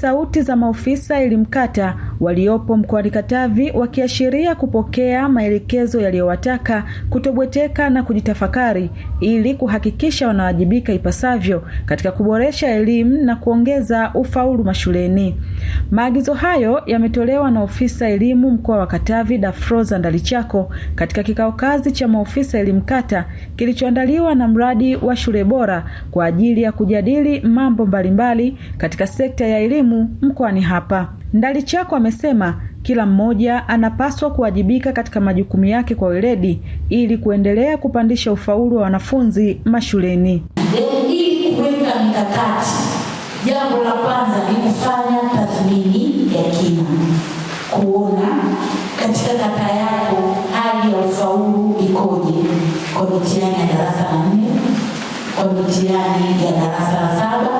sauti za maofisa ilimkata waliopo mkoani Katavi wakiashiria kupokea maelekezo yaliyowataka kutobweteka na kujitafakari ili kuhakikisha wanawajibika ipasavyo katika kuboresha elimu na kuongeza ufaulu mashuleni. Maagizo hayo yametolewa na ofisa elimu mkoa wa Katavi Dafroza Ndalichako katika kikao kazi cha maofisa elimu kata kilichoandaliwa na mradi wa shule bora kwa ajili ya kujadili mambo mbalimbali katika sekta ya elimu mkoani hapa. Ndalichako amesema kila mmoja anapaswa kuwajibika katika majukumu yake kwa weledi ili kuendelea kupandisha ufaulu wa wanafunzi mashuleni. ili kuweka mikakati, jambo la kwanza ni kufanya tathmini ya kina, kuona katika kata yako hali ya ufaulu ikoje kwa mitihani ya darasa la nne, kwa mitihani ya darasa la saba,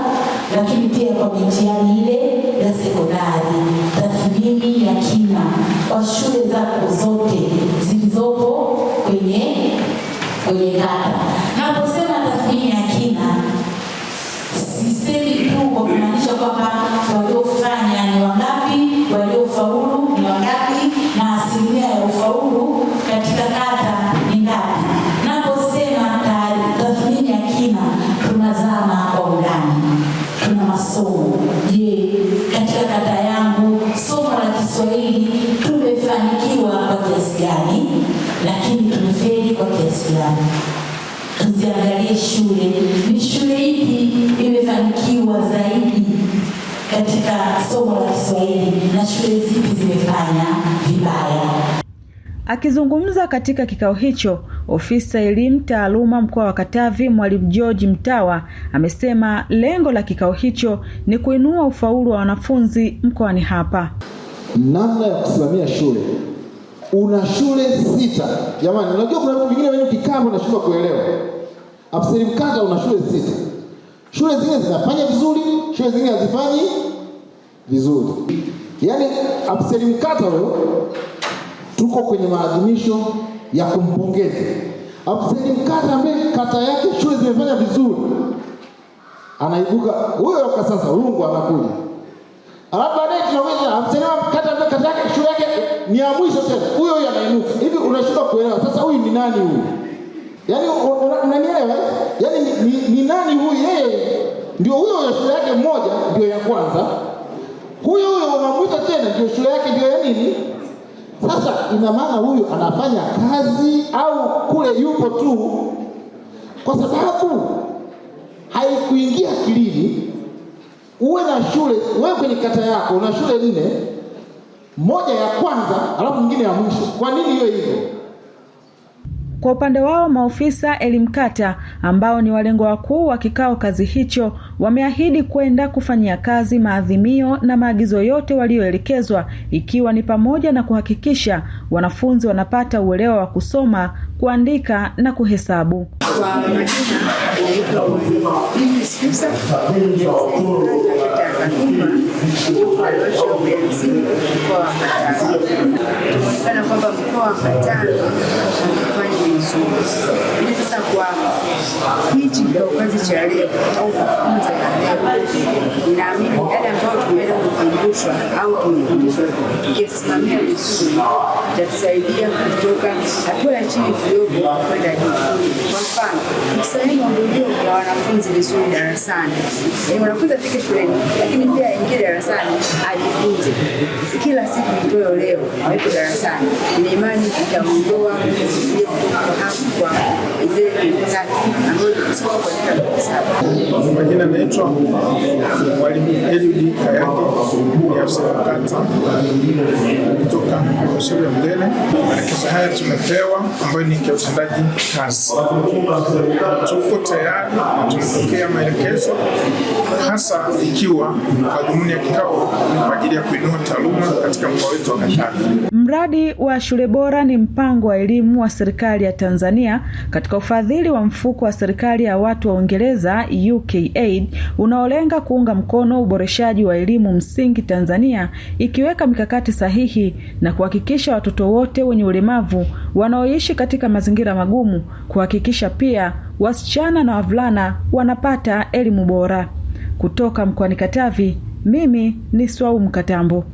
lakini pia kwa mitihani ile ya sekondari, tathmini ya kina kwa shule zako zote darasani, lakini tumefeli kwa kiasi fulani. Tuziangalie shule, ni shule ipi imefanikiwa zaidi katika somo la Kiswahili na shule zipi zimefanya vibaya. Akizungumza katika kikao hicho, ofisa elimu taaluma mkoa wa Katavi, Mwalimu George Mtawa amesema lengo la kikao hicho ni kuinua ufaulu wa wanafunzi mkoani hapa. Namna ya kusimamia shule una shule sita. Jamani, unajua kuna vitu vingine venye ukikaa unashindwa kuelewa. afsiri Mkata una shule sita, shule zingine zinafanya vizuri, shule zingine hazifanyi vizuri. Yaani Abseri Mkata huyo, tuko kwenye maadhimisho ya kumpongeza Abseri Mkata ambaye kata yake shule zimefanya vizuri, anaibuka huyo. Kwa sasa rungu anakuja Alafu baadaye tunaweza amsema kata kata yake shule yake ni ya mwisho tena. Huyo huyo anainuka. Hivi unashindwa kuelewa. Sasa huyu ni nani huyu? Yaani unanielewa? Eh? Yaani ni, ni nani huyu yeye? Ndio huyo ya shule yake mmoja ndio ya kwanza. Huyo huyo unamwita tena ndio shule yake ndio ya nini? Sasa ina maana huyu anafanya kazi au kule yupo tu kwa sababu haikuingia akilini uwe na shule wewe kwenye kata yako una shule nne, moja ya kwanza alafu nyingine ya mwisho. Kwa nini hiyo hivyo? Kwa upande wao maofisa Elimkata ambao ni walengwa wakuu wa kikao kazi hicho wameahidi kwenda kufanyia kazi maadhimio na maagizo yote walioelekezwa ikiwa ni pamoja na kuhakikisha wanafunzi wanapata uelewa wa kusoma, kuandika na kuhesabu inaonekana kwamba mkoa wa Mbatani haufanyi vizuri. Ili sasa kwa hichi kikaokazi cha leo au kufunza ya leo, naamini yale ambayo tumeenda kukumbushwa au kuifundishwa tukisimamia vizuri, tatusaidia kutoka hatua ya chini kidogo kwenda juu. Kwa mfano, mkusanyaji wa milio wanafunzi vizuri darasani, yaani mwanafunzi afike shuleni, lakini pia aingie darasani ajifunze kila siku, itoyo leo awepo darasani. ni imani itaondoa ile kutofahamu kwa zile tatu ambazo kusoma kwa darasa. Kwa naitwa Mwalimu Eliud Kayake, ni afisa kata kutoka makusudi ya mbele. Maelekezo haya tumepewa ambayo ni ya utendaji kazi. Tuko tayari na tumepokea maelekezo, hasa ikiwa madhumuni ya kikao ni kwa ajili ya kuinua taaluma katika mkoa wetu wa Katavi. Mradi wa shule bora ni mpango wa elimu wa serikali ya Tanzania katika ufadhili wa mfuko wa serikali ya watu wa Uingereza UKAID unaolenga kuunga mkono uboreshaji wa elimu msingi Tanzania, ikiweka mikakati sahihi na kuhakikisha kuhakikisha watoto wote wenye ulemavu wanaoishi katika mazingira magumu, kuhakikisha pia wasichana na wavulana wanapata elimu bora. Kutoka mkoani Katavi, mimi ni Swau Mkatambo.